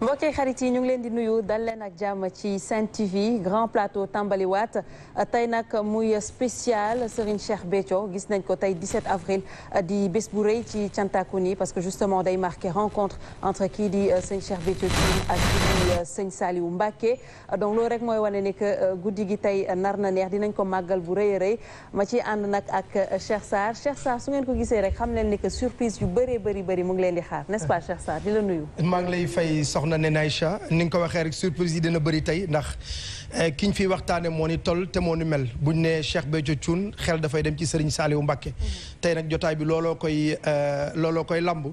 mbokki xarit yi ñu ngi leen di nuyu dal leen ak jàmm ci Sen TV grand plateau tàmbaliwaat tey nag muy spécial Serigne Cheikh béto gis nañ ko tey 17 avril di bés bu rey ci cantakun yi parce que justement day marqué rencontre entre kii di euh, Serigne Cheikh Béthio Thioune ak kii di euh, Serigne Saliou Mbacké donc loolu rek mooy wane ne que euh, guddi gi tey nar na di nañ ko maggal bu rëy a rëy ma ciy ànd nag ak Cheikh Sarr Cheikh Sarr su ngeen ko gisee rek xam leen ni que surprise yu bëree bëri bëri mu ngi leen di xaar n'est-ce pas Cheikh di la nuyu. maa soxna Néné Aïcha ni nga ko waxee rek surprise yi dina bëri tey ndax eh, ki ñu fiy waxtaane moo ni toll te moo ni mel bu buñ ne Cheikh Béthio Thioune xel dafay dem ci Serigne Saliou Mbacké mm-hmm. tey nag jotaay bi looloo koy eh, looloo koy lamb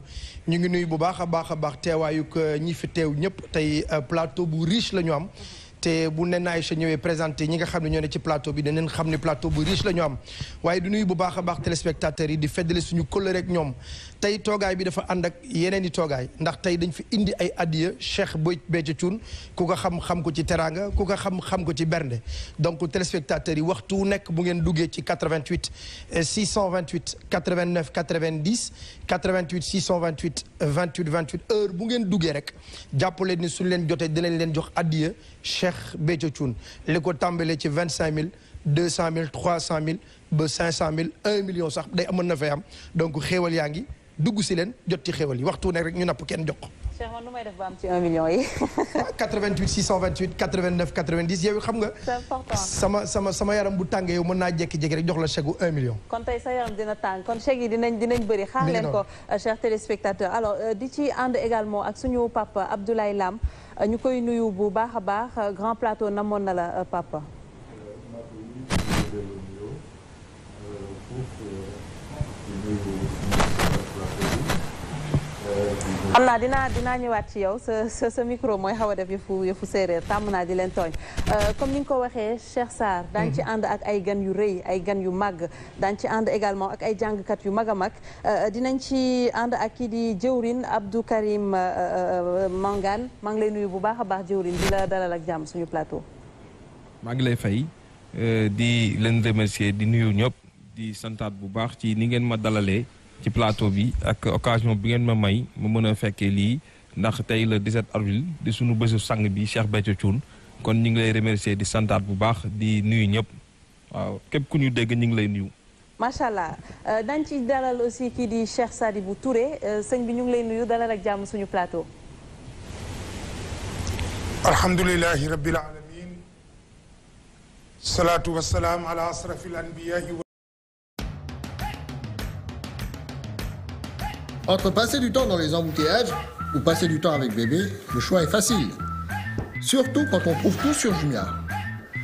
ñu ngi nuyu bu baax a baax a baax teewaayu eh, ñi fi teew ñëpp tey plateau bu riche la ñu am mm-hmm. te bu nen Aïcha ñëwee présenté ñi nga xam ne ñoo ne ci plateau bi danañ xam ne plateau bu riche la ñu am waaye du nuyu bu baax a baax téléspectateurs yi di feddale suñu kóllëre rek ñoom tey toogaay bi dafa ànd ak yeneen i toogaay ndax tey dañ fi indi ay addiya Cheikh Boy Béthio Thioune ku ko xam xam ko ci teraanga ku ko xam xam ko ci bernde donc téléspectateurs yi waxtu nekk bu ngeen duggee ci 88 628 89 90 88 628 28 28 heure bu ngeen duggee rek jàppale ni suñu leen jotee dinañ leen jox addiya Cheikh Béthio Thioune li ko tàmbalee ci vingt cinq mille deux cent mille trois cent mille ba cinq cent mille un million sax day amoon na fay am donc xéewal yaa ngi dugg si leen joti xewal yi waxtu nekk rek ñu napp kenn jox Cheikh man nu may def ba am ci 1 million yi. 88 628 89 90 yow xam nga. sama sama yaram bu tàngee yow mën naa jékki-jékki rek jox la chèque gu million. kon tey sa yaram dina tàng kon chèque yi dinañ dinañ bëri. xaar leen ko euh, chers téléspectateurs alors euh, di ci ànd également ak suñu papa Abdoulaye Lam euh, ñu koy nuyu bu baax a baax grand plateau namoon na la papa. xam naa dinaa dinaa ñëwaat ci yow sa sa sa micro mooy xaw a def yëfu yëfu séeréer tàmm naa di leen tooñ euh, comme ni nga ko waxee Cheikh Sarr daañ ci mm-hmm. ànd ak ay gan yu rëy ay gan yu màgg daañ ci ànd également ak ay jàngkat yu mag a mag euh, dinañ ci ànd ak kii di jëwrin Abdou Karim euh, Mangane maa ngi lay nuyu bu baax a baax jëwrin di la dalal ak jàmm suñu plateau maa ngi lay fay di leen remercier di nuyu ñëpp di santaat bu baax ci ni ngeen ma dalalee ci plateau bi ak occasion bi ngeen ma may ma mën a fekkee lii ndax tey la 17 avril di suñu bésu sang bi Cheikh Béthio Thioune kon ñu ngi lay remercier di santaat bu baax di nuyu ñëpp waaw képp ku ñu dégg ñu ngi lay nuyu. macha allah euh, dañ ci dalal aussi kii di Cheikh Sadibou euh, sëñ bi ñu ngi lay nuyu ak jàmm suñu plateau. alhamdulilahi rabbil alamin salaatu wa salaam ala asrafil anbiyaai Entre passer du temps dans les embouteillages ou passer du temps avec bébé, le choix est facile. Surtout quand on trouve tout sur Jumia.